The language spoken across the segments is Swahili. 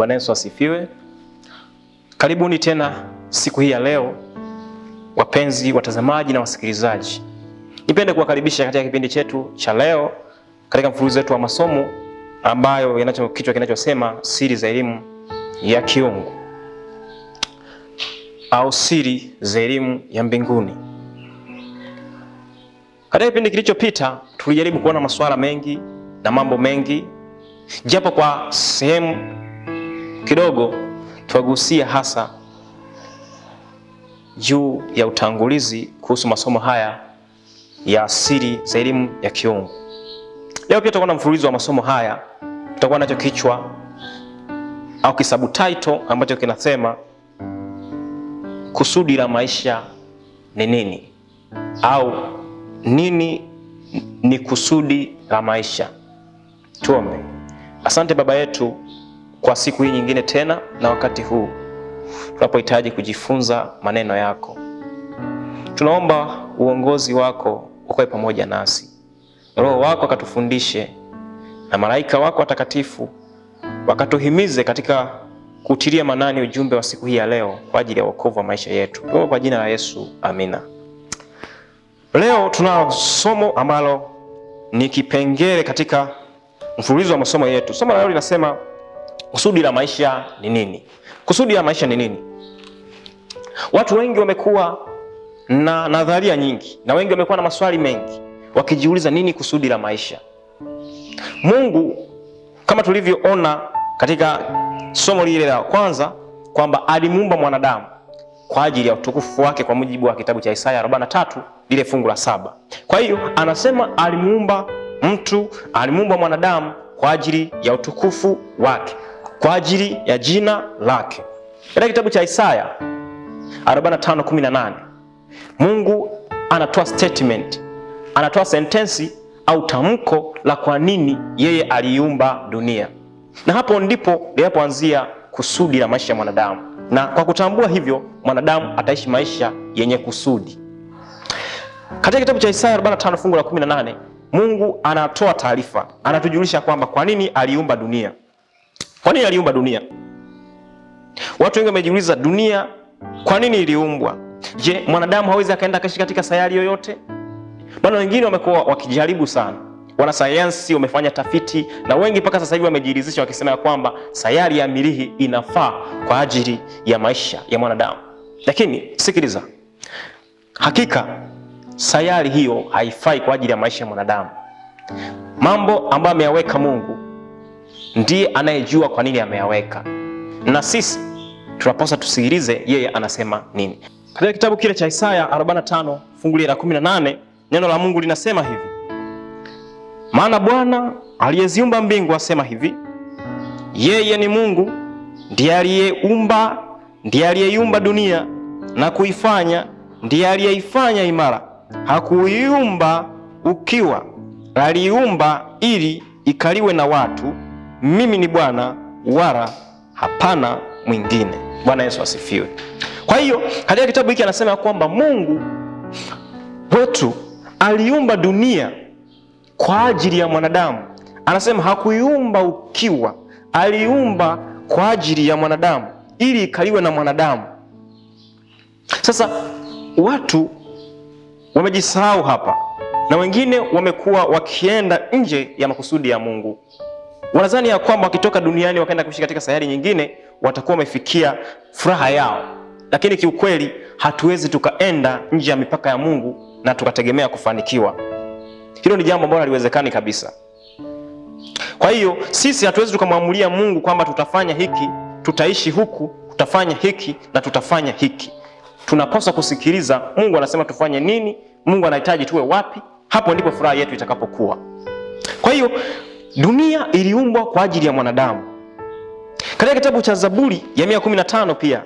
Bwana Yesu asifiwe. Karibuni tena siku hii ya leo, wapenzi watazamaji na wasikilizaji, nipende kuwakaribisha katika kipindi chetu cha leo katika mfululizo wetu wa masomo ambayo yanacho kichwa kinachosema siri za elimu ya kiungu au siri za elimu ya mbinguni. Katika kipindi kilichopita tulijaribu kuona masuala mengi na mambo mengi, japo kwa sehemu kidogo tuwagusia hasa juu ya utangulizi kuhusu masomo haya ya asili za elimu ya kiungu. Leo pia tutakuwa na mfululizo wa masomo haya, tutakuwa nacho kichwa au kisabutaito ambacho kinasema kusudi la maisha ni nini, au nini ni kusudi la maisha. Tuombe. Asante Baba yetu kwa siku hii nyingine tena na wakati huu tunapohitaji kujifunza maneno yako. Tunaomba uongozi wako ukawe pamoja nasi, Roho wako akatufundishe na malaika wako watakatifu wakatuhimize katika kutilia manani ujumbe wa siku hii ya leo kwa ajili ya wokovu wa maisha yetu. Tuombe kwa jina la Yesu, amina. Leo tunao somo ambalo ni kipengele katika mfululizo wa masomo yetu. Somo la leo linasema Kusudi la maisha ni nini? Kusudi la maisha ni nini? Watu wengi wamekuwa na nadharia nyingi na wengi wamekuwa na maswali mengi wakijiuliza nini kusudi la maisha. Mungu kama tulivyoona katika somo lile la kwanza kwamba alimuumba mwanadamu kwa ajili ya utukufu wake kwa mujibu wa kitabu cha Isaya 43 lile fungu la saba. Kwa hiyo anasema alimuumba mtu, alimuumba mwanadamu kwa ajili ya utukufu wake kwa ajili ya jina lake. Katika kitabu cha Isaya 45:18 Mungu anatoa statement, anatoa sentensi au tamko la kwa nini yeye aliiumba dunia, na hapo ndipo linapoanzia kusudi la maisha ya mwanadamu, na kwa kutambua hivyo mwanadamu ataishi maisha yenye kusudi. Katika kitabu cha Isaya 45 fungu la 18 Mungu anatoa taarifa, anatujulisha kwamba kwa nini aliumba dunia. Kwa nini aliumba dunia? Watu wengi wamejiuliza dunia kwa nini iliumbwa? Je, mwanadamu hawezi akaenda kaishi katika sayari yoyote? Maana wengine wamekuwa wakijaribu sana, wanasayansi wamefanya tafiti na wengi mpaka sasa hivi wamejiridhisha wakisema ya kwamba sayari ya Mirihi inafaa kwa ajili ya maisha ya mwanadamu. Lakini sikiliza, hakika sayari hiyo haifai kwa ajili ya maisha ya mwanadamu. Mambo ambayo ameyaweka Mungu ndiye anayejua kwa nini ameyaweka, na sisi tunapaswa tusikilize yeye anasema nini. Katika kitabu kile cha Isaya 45 fungu la 18 neno la Mungu linasema hivi, maana Bwana aliyeziumba mbingu asema hivi, yeye ni Mungu, ndiye aliyeumba, ndiye aliyeiumba dunia na kuifanya, ndiye aliyeifanya imara, hakuiumba ukiwa, aliumba ili ikaliwe na watu mimi ni Bwana wala hapana mwingine. Bwana Yesu asifiwe. Kwa hiyo katika kitabu hiki anasema kwamba Mungu wetu aliumba dunia kwa ajili ya mwanadamu. Anasema hakuiumba ukiwa, aliumba kwa ajili ya mwanadamu ili ikaliwe na mwanadamu. Sasa watu wamejisahau hapa na wengine wamekuwa wakienda nje ya makusudi ya Mungu. Wanadhani ya kwamba wakitoka duniani wakaenda kuishi katika sayari nyingine watakuwa wamefikia furaha yao, lakini kiukweli hatuwezi tukaenda nje ya mipaka ya Mungu na tukategemea kufanikiwa. Hilo ni jambo ambalo haliwezekani kabisa. Kwa hiyo sisi hatuwezi tukamwamulia Mungu kwamba tutafanya hiki, tutaishi huku, tutafanya hiki na tutafanya hiki. Tunapaswa kusikiliza Mungu anasema tufanye nini, Mungu anahitaji tuwe wapi. Hapo ndipo furaha yetu itakapokuwa. Kwa hiyo Dunia iliumbwa kwa ajili ya mwanadamu. Katika kitabu cha Zaburi ya 115 pia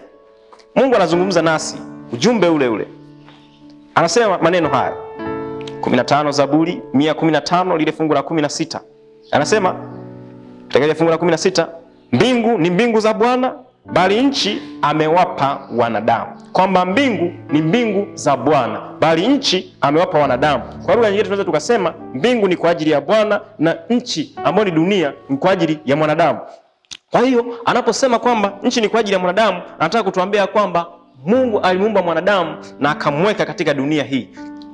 Mungu anazungumza nasi ujumbe ule ule, anasema maneno haya 15 Zaburi 115 lile fungu la 16 anasema katika fungu la 16, mbingu ni mbingu za Bwana bali nchi amewapa wanadamu, kwamba mbingu ni mbingu za Bwana, bali nchi amewapa wanadamu. Kwa lugha nyingine tunaweza tukasema mbingu ni kwa ajili ya Bwana na nchi ambayo ni dunia ni kwa ajili ya mwanadamu. Kwa hiyo anaposema kwamba nchi ni kwa ajili ya mwanadamu, anataka kutuambia kwamba Mungu alimuumba mwanadamu na akamweka katika dunia hii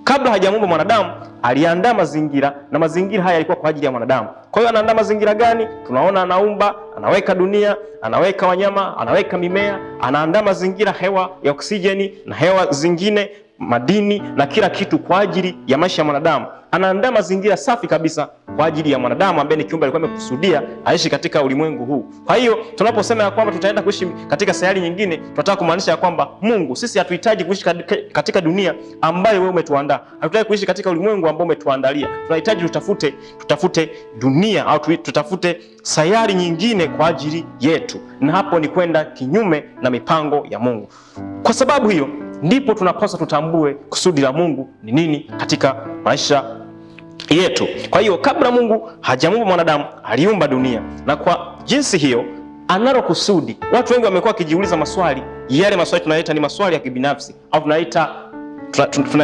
kabla hajamuumba mwanadamu aliandaa mazingira na mazingira haya yalikuwa kwa ajili ya mwanadamu. Kwa hiyo anaandaa mazingira gani? Tunaona anaumba, anaweka dunia, anaweka wanyama, anaweka mimea, anaandaa mazingira, hewa ya oksijeni na hewa zingine, madini na kila kitu kwa ajili ya maisha ya mwanadamu. Anaandaa mazingira safi kabisa kwa ajili ya mwanadamu ambaye ni kiumbe alikuwa amekusudia aishi katika ulimwengu huu. Kwa hiyo tunaposema ya kwamba tutaenda kuishi katika sayari nyingine, tunataka kumaanisha ya kwamba Mungu, sisi hatuhitaji kuishi katika dunia ambayo wewe umetuandaa. Hatutaki kuishi katika ulimwengu ambao umetuandalia. Tunahitaji tutafute, tutafute dunia au tutafute sayari nyingine kwa ajili yetu, na hapo ni kwenda kinyume na mipango ya Mungu. Kwa sababu hiyo ndipo tunapaswa tutambue kusudi la Mungu ni nini katika maisha yetu. Kwa hiyo kabla Mungu hajamuumba mwanadamu, aliumba dunia, na kwa jinsi hiyo analo kusudi. Watu wengi wamekuwa wakijiuliza maswali yale, maswali tunaita ni maswali ya kibinafsi au tunaita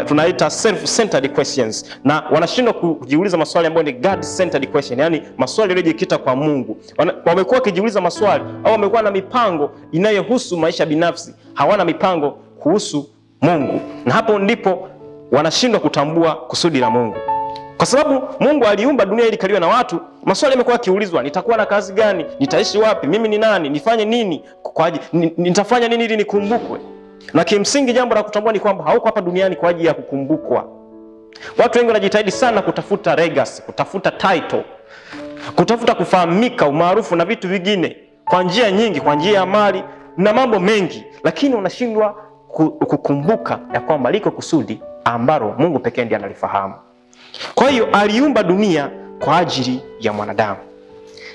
tunaita self-centered questions, na wanashindwa kujiuliza maswali ambayo ni God-centered question, yani maswali yaliyojikita kwa Mungu. Wamekuwa wakijiuliza maswali au wamekuwa na mipango inayohusu maisha binafsi, hawana mipango kuhusu Mungu, na hapo ndipo wanashindwa kutambua kusudi la Mungu. Kwa sababu Mungu aliumba dunia ili kaliwe na watu. Maswali yamekuwa yakiulizwa, nitakuwa na kazi gani? Nitaishi wapi? Mimi ni nani? Nifanye nini? Kwa ajili nitafanya nini ili nikumbukwe? Na kimsingi jambo la kutambua ni kwamba hauko hapa duniani kwa ajili ya kukumbukwa. Watu wengi wanajitahidi sana kutafuta legacy, kutafuta title, kutafuta kufahamika, umaarufu na vitu vingine kwa njia nyingi, kwa njia ya mali na mambo mengi, lakini unashindwa kukumbuka ya kwamba liko kusudi ambalo Mungu pekee ndiye analifahamu. Kwa hiyo aliumba dunia kwa ajili ya mwanadamu,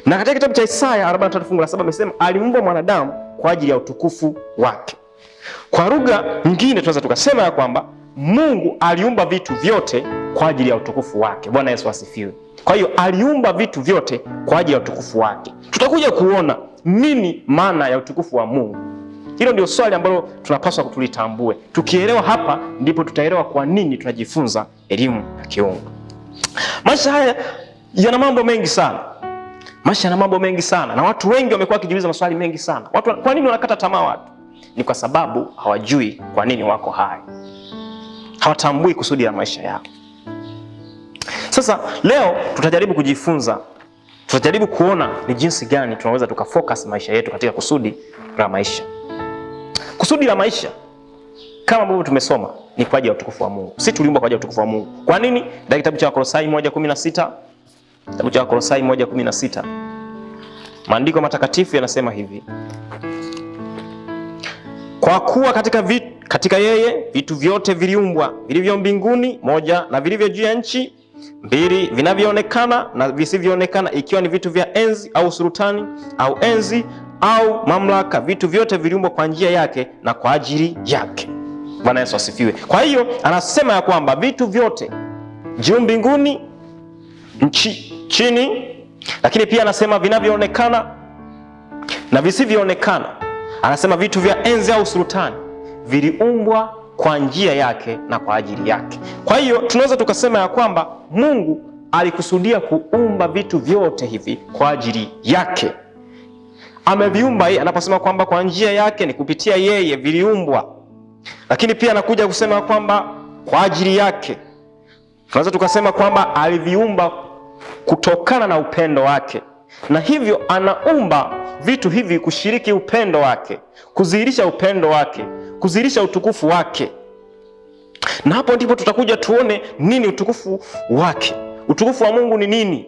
na katika kitabu cha Isaya 43 fungu la 7 amesema aliumba mwanadamu kwa ajili ya utukufu wake. Kwa lugha nyingine tunaweza tukasema ya kwamba Mungu aliumba vitu vyote kwa ajili ya utukufu wake. Bwana Yesu asifiwe. Kwa hiyo aliumba vitu vyote kwa ajili ya utukufu wake. Tutakuja kuona nini maana ya utukufu wa Mungu. Hilo ndio swali ambalo tunapaswa tulitambue. Tukielewa hapa, ndipo tutaelewa kwa nini tunajifunza elimu ya kiungu. Maisha haya yana mambo mengi sana, maisha yana mambo mengi sana, na watu wengi wamekuwa wakijiuliza maswali mengi sana. Watu kwa nini wanakata tamaa? Watu ni kwa sababu hawajui kwa nini wako hai, hawatambui kusudi la maisha yao. Sasa leo tutajaribu kujifunza, tutajaribu kuona ni jinsi gani tunaweza tukafocus maisha yetu katika kusudi la maisha, kusudi la maisha kama ambavyo tumesoma ni kwa ajili ya utukufu wa Mungu. Sisi tuliumbwa kwa ajili ya utukufu wa Mungu. Kwa nini? Ndio kitabu cha Wakolosai 1:16. Kitabu cha Wakolosai 1:16. Maandiko matakatifu yanasema hivi. Kwa kuwa katika vitu, katika yeye vitu vyote viliumbwa vilivyo mbinguni moja na vilivyo juu ya nchi mbili vinavyoonekana na visivyoonekana, ikiwa ni vitu vya enzi au sultani au enzi au mamlaka, vitu vyote viliumbwa kwa njia yake na kwa ajili yake. Bwana Yesu asifiwe. Kwa hiyo anasema ya kwamba vitu vyote juu mbinguni, nchi, chini, lakini pia anasema vinavyoonekana na visivyoonekana. Anasema vitu vya enzi au sultani viliumbwa kwa njia yake na kwa ajili yake. Kwa hiyo tunaweza tukasema ya kwamba Mungu alikusudia kuumba vitu vyote hivi kwa ajili yake, ameviumba yeye. Anaposema kwamba kwa njia yake, ni kupitia yeye viliumbwa. Lakini pia anakuja kusema kwamba kwa ajili yake, tunaweza tukasema kwamba aliviumba kutokana na upendo wake, na hivyo anaumba vitu hivi kushiriki upendo wake, kudhihirisha upendo wake, kudhihirisha utukufu wake. Na hapo ndipo tutakuja tuone nini utukufu wake, utukufu wa Mungu ni nini.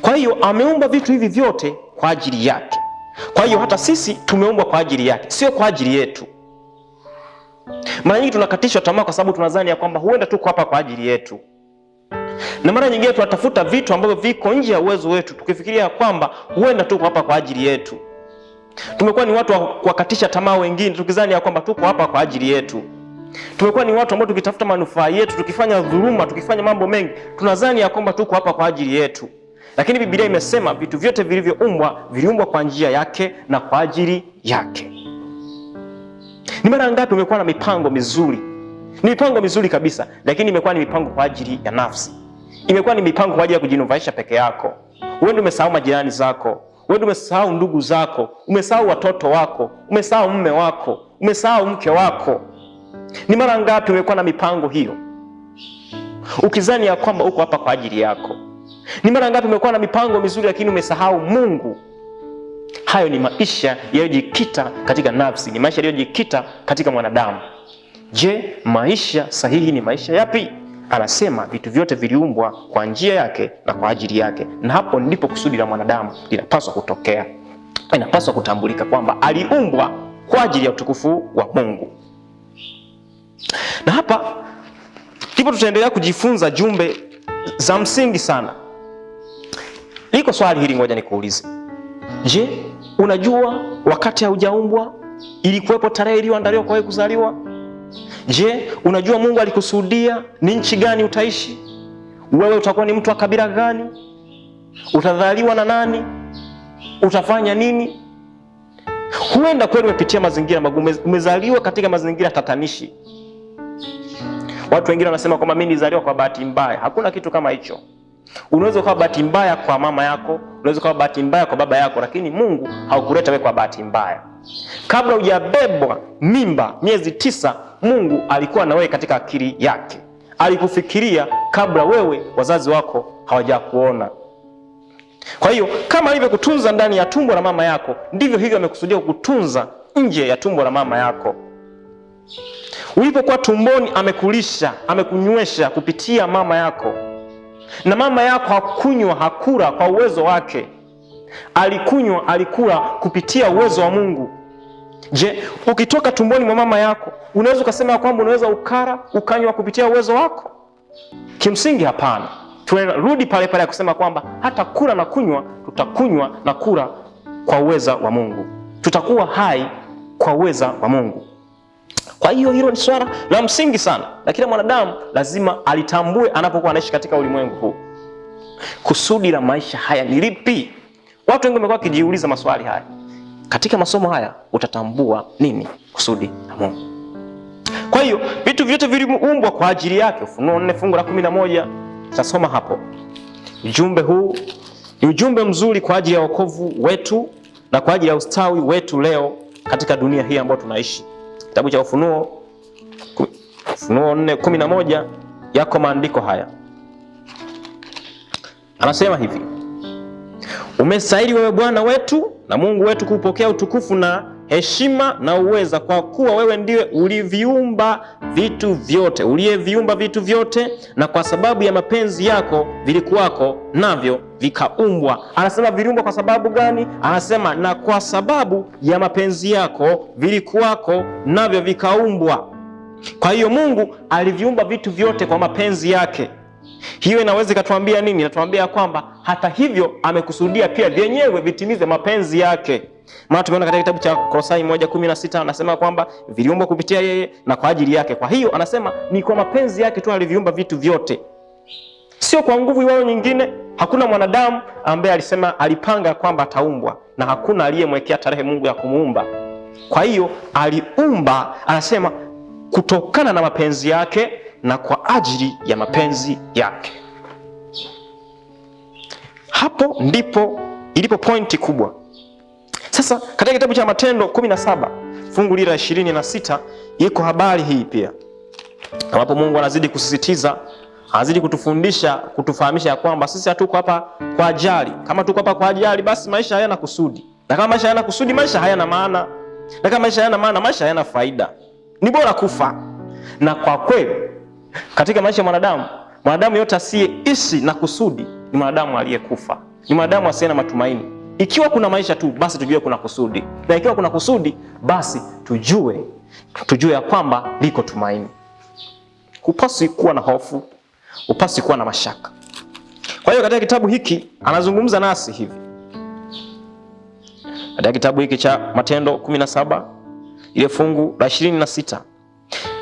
Kwa hiyo ameumba vitu hivi vyote kwa ajili yake. Kwa hiyo hata sisi tumeumbwa kwa ajili yake, sio kwa ajili yetu. Mara nyingi tunakatishwa tamaa kwa sababu tunadhani ya kwamba huenda tuko hapa kwa ajili yetu, na mara nyingine tunatafuta vitu ambavyo viko nje ya uwezo wetu, tukifikiria kwamba huenda tuko hapa kwa ajili yetu. Tumekuwa ni watu wa kuwakatisha tamaa wengine, tukizani ya kwamba tuko hapa kwa ajili yetu. Tumekuwa ni watu ambao tukitafuta manufaa yetu, tukifanya dhuluma, tukifanya mambo mengi, tunadhani ya kwamba tuko hapa kwa ajili yetu. Lakini Biblia imesema vitu vyote vilivyoumbwa viliumbwa kwa njia yake na kwa ajili yake. Ni mara ngapi umekuwa na mipango mizuri, ni mipango mizuri kabisa, lakini imekuwa ni mipango kwa ajili ya nafsi, imekuwa ni mipango kwa ajili ya kujinufaisha peke yako. Wewe ndio umesahau majirani zako, wewe ndio umesahau ndugu zako, umesahau watoto wako, umesahau mume wako, umesahau mke wako. Ni mara ngapi umekuwa na mipango hiyo, ukizani ya kwamba uko hapa kwa ajili yako? Ni mara ngapi umekuwa na mipango mizuri, lakini umesahau Mungu Hayo ni maisha yaliyojikita katika nafsi, ni maisha yaliyojikita katika mwanadamu. Je, maisha sahihi ni maisha yapi? Anasema vitu vyote viliumbwa kwa njia yake na kwa ajili yake, na hapo ndipo kusudi la mwanadamu linapaswa kutokea. Inapaswa kutambulika kwamba aliumbwa kwa ajili ya utukufu wa Mungu, na hapa ndipo tutaendelea kujifunza jumbe za msingi sana. Liko swali hili, ngoja nikuulize. Je, unajua wakati haujaumbwa ilikuwepo tarehe iliyoandaliwa kwa wewe kuzaliwa? Je, unajua Mungu alikusudia ni nchi gani utaishi? Wewe utakuwa ni mtu wa kabila gani? Utazaliwa na nani? Utafanya nini? Huenda kweli umepitia mazingira magumu, umezaliwa katika mazingira tatanishi. Watu wengine wanasema kwamba mimi nilizaliwa kwa bahati mbaya. Hakuna kitu kama hicho. Unaweza ukawa bahati mbaya kwa mama yako, unaweza ukawa bahati mbaya kwa baba yako, lakini Mungu haukuleta wewe kwa bahati mbaya. Kabla hujabebwa mimba miezi tisa, Mungu alikuwa na wewe katika akili yake, alikufikiria kabla wewe wazazi wako hawajakuona. Kwa hiyo kama alivyokutunza ndani ya tumbo la mama yako, ndivyo hivyo amekusudia kukutunza nje ya tumbo la mama yako. Ulipokuwa tumboni, amekulisha, amekunywesha kupitia mama yako na mama yako hakunywa hakura kwa uwezo wake, alikunywa alikula kupitia uwezo wa Mungu. Je, ukitoka tumboni mwa mama yako unaweza ukasema ya kwamba unaweza ukara ukanywa kupitia uwezo wako? Kimsingi hapana. Tunarudi pale pale ya kusema kwamba hata kula na kunywa, tutakunywa na kula kwa uweza wa Mungu, tutakuwa hai kwa uweza wa Mungu. Kwa hiyo hilo ni swala la msingi sana, na kila mwanadamu lazima alitambue anapokuwa anaishi katika ulimwengu huu. Kusudi la maisha haya ni lipi? Watu wengi wamekuwa wakijiuliza maswali haya. Katika masomo haya utatambua nini kusudi la Mungu. Kwa hiyo vitu vyote viliumbwa kwa ajili yake. Ufunuo 4 fungu la 11, tasoma hapo. Ujumbe huu ni ujumbe mzuri kwa ajili ya wokovu wetu na kwa ajili ya ustawi wetu leo katika dunia hii ambayo tunaishi. Kitabu cha Ufunuo, Ufunuo 4:11 yako maandiko haya, anasema hivi: umestahili wewe Bwana wetu na Mungu wetu kupokea utukufu na heshima na uweza, kwa kuwa wewe ndiwe uliviumba vitu vyote, uliyeviumba vitu vyote, na kwa sababu ya mapenzi yako vilikuwako, navyo vikaumbwa. Anasema viliumbwa kwa sababu gani? Anasema na kwa sababu ya mapenzi yako vilikuwako, navyo vikaumbwa. Kwa hiyo Mungu aliviumba vitu vyote kwa mapenzi yake. Hiyo inaweza ikatuambia nini? Inatuambia kwamba hata hivyo amekusudia pia vyenyewe vitimize mapenzi yake. Maana tumeona katika kitabu cha Kolosai 1:16 anasema kwamba viliumbwa kupitia yeye na kwa ajili yake. Kwa hiyo anasema ni kwa mapenzi yake tu aliviumba vitu vyote, sio kwa nguvu iwayo nyingine. Hakuna mwanadamu ambaye alisema alipanga kwamba ataumbwa, na hakuna aliyemwekea tarehe Mungu ya kumuumba. Kwa hiyo aliumba, anasema kutokana na mapenzi yake na kwa ajili ya mapenzi yake. Hapo ndipo ilipo pointi kubwa. Sasa katika kitabu cha Matendo 17 fungu lile la 26 iko habari hii pia, ambapo Mungu anazidi kusisitiza, anazidi kutufundisha, kutufahamisha ya kwamba sisi hatuko hapa kwa ajali. Kama tuko hapa kwa ajali, basi maisha hayana kusudi, na kama maisha hayana kusudi, maisha hayana maana, na kama maisha hayana maana, maisha hayana faida. Ni bora kufa. Na kwa kweli katika maisha ya mwanadamu, mwanadamu yote asiyeishi na kusudi ni mwanadamu aliyekufa, ni mwanadamu asiye na matumaini. Ikiwa kuna maisha tu, basi tujue kuna kusudi, na ikiwa kuna kusudi, basi tujue tujue ya kwamba liko tumaini. Hupaswi kuwa na hofu, hupaswi kuwa na mashaka. Kwa hiyo katika kitabu hiki anazungumza nasi hivi, katika kitabu hiki cha Matendo 17 ile fungu la 26,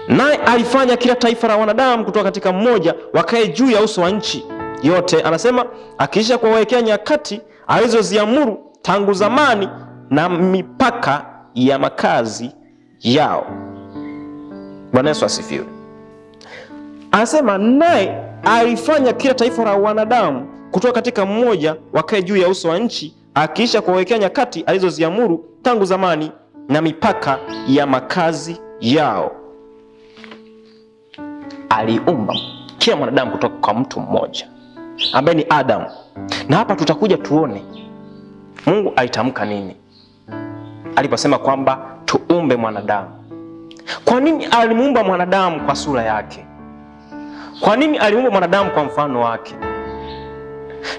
naye alifanya kila taifa la wanadamu kutoka katika mmoja wakae juu ya uso wa nchi yote, anasema akiisha kuwawekea nyakati alizoziamuru tangu zamani na mipaka ya makazi yao. Bwana Yesu asifiwe. Anasema naye alifanya kila taifa la wanadamu kutoka katika mmoja wakae juu ya uso wa nchi, akiisha kuwawekea nyakati alizoziamuru tangu zamani na mipaka ya makazi yao. Aliumba kila mwanadamu kutoka kwa mtu mmoja ambaye ni Adamu na hapa tutakuja tuone Mungu aitamka nini aliposema kwamba tuumbe mwanadamu. Kwa nini alimuumba mwanadamu kwa sura yake? Kwa nini alimuumba mwanadamu kwa mfano wake?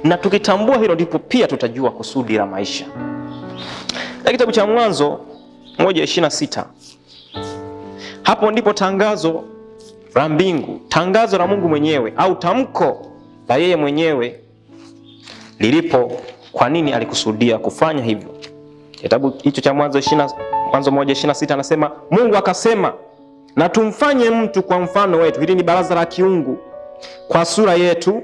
Na tukitambua hilo, ndipo pia tutajua kusudi la maisha. Na kitabu cha Mwanzo 1:26 hapo ndipo tangazo la mbingu, tangazo la Mungu mwenyewe au tamko la yeye mwenyewe lilipo, kwa nini alikusudia kufanya hivyo. Kitabu hicho cha Mwanzo Mwanzo moja ishirini na sita anasema Mungu akasema, na tumfanye mtu kwa mfano wetu. Hili ni baraza la kiungu, kwa sura yetu,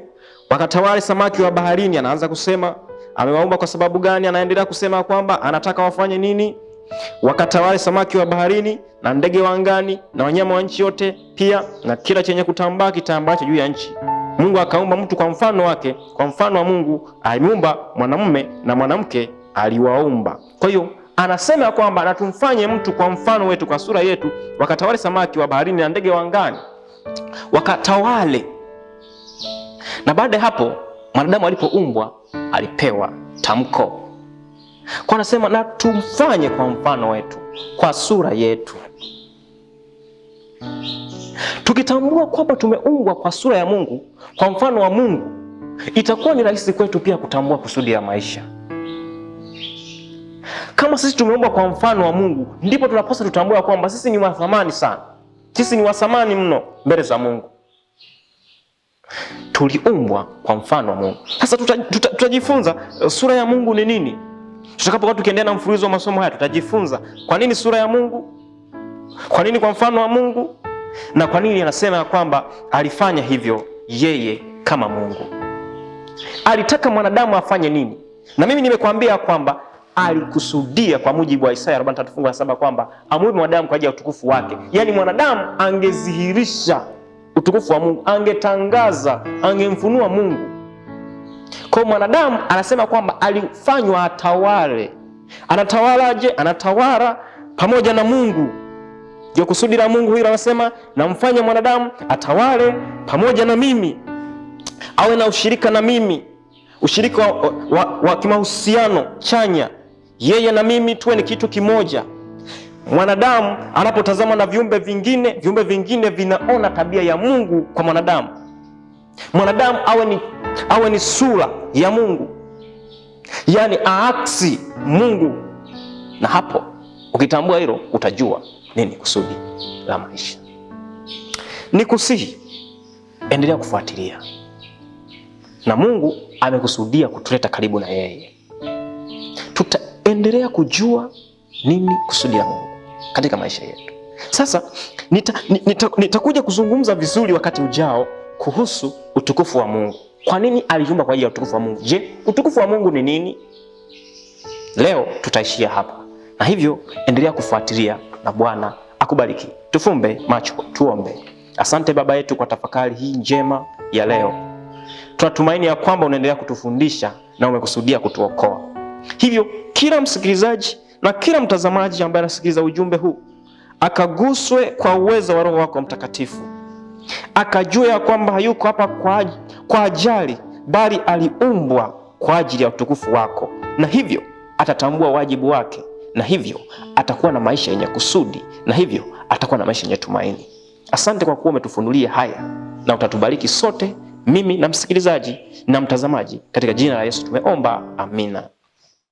wakatawale samaki wa baharini. Anaanza kusema amewaumba kwa sababu gani, anaendelea kusema kwamba anataka wafanye nini wakatawale samaki wa baharini na ndege wa angani na wanyama wa nchi yote, pia na kila chenye kutambaa kitambacho juu ya nchi. Mungu akaumba mtu kwa mfano wake, kwa mfano wa Mungu alimuumba mwanamume na mwanamke aliwaumba. Kwa hiyo anasema kwamba na tumfanye mtu kwa mfano wetu, kwa sura yetu, wakatawale samaki wa baharini na ndege wa angani, wakatawale. Na baada ya hapo mwanadamu alipoumbwa alipewa tamko kwa, anasema na tumfanye kwa mfano wetu, kwa sura yetu. Tukitambua kwamba tumeumbwa kwa sura ya Mungu, kwa mfano wa Mungu, itakuwa ni rahisi kwetu pia kutambua kusudi ya maisha. Kama sisi tumeumbwa kwa mfano wa Mungu, ndipo tunapaswa tutambua kwamba sisi ni wathamani sana, sisi ni wathamani mno mbele za Mungu. Tuliumbwa kwa mfano wa Mungu. Sasa tutajifunza tuta, tuta eh, sura ya Mungu ni nini. Tutakapokuwa tukiendelea na mfululizo wa masomo haya, tutajifunza kwa nini sura ya Mungu, kwa nini kwa mfano wa Mungu na kwa nini anasema ya kwamba alifanya hivyo yeye kama Mungu? Alitaka mwanadamu afanye nini? Na mimi nimekuambia kwamba alikusudia kwa mujibu wa Isaya 43:7 kwamba amweke mwanadamu kwa ajili ya utukufu wake. Yaani mwanadamu angezihirisha utukufu wa Mungu, angetangaza, angemfunua Mungu. Kwa mwanadamu anasema kwamba alifanywa atawale. Anatawalaje? Anatawala pamoja na Mungu. Ndio kusudi la Mungu hilo, anasema namfanya mwanadamu atawale pamoja na mimi, awe na ushirika na mimi, ushirika wa, wa, wa, kimahusiano chanya, yeye na mimi tuwe ni kitu kimoja. Mwanadamu anapotazama na viumbe vingine, viumbe vingine vinaona tabia ya Mungu kwa mwanadamu. Mwanadamu awe ni, awe ni sura ya Mungu, yaani aaksi Mungu, na hapo Ukitambua hilo utajua nini kusudi la maisha. Nikusihi, endelea kufuatilia, na Mungu amekusudia kutuleta karibu na yeye. Tutaendelea kujua nini kusudi la Mungu katika maisha yetu. Sasa nitakuja nita, nita kuzungumza vizuri wakati ujao kuhusu utukufu wa Mungu. Kwa nini aliumba kwa ajili ya utukufu wa Mungu? Je, utukufu wa Mungu ni nini? Leo tutaishia hapa na hivyo endelea kufuatilia na Bwana akubariki. Tufumbe macho tuombe. Asante Baba yetu kwa tafakari hii njema ya leo. Tunatumaini ya kwamba unaendelea kutufundisha na umekusudia kutuokoa. Hivyo kila msikilizaji na kila mtazamaji ambaye anasikiliza ujumbe huu akaguswe kwa uwezo wa Roho wako Mtakatifu, akajua ya kwamba hayuko hapa kwa, kwa ajali, bali aliumbwa kwa ajili ya utukufu wako, na hivyo atatambua wajibu wake na hivyo atakuwa na maisha yenye kusudi, na hivyo atakuwa na maisha yenye tumaini. Asante kwa kuwa umetufunulia haya na utatubariki sote, mimi na msikilizaji na mtazamaji, katika jina la Yesu tumeomba, amina.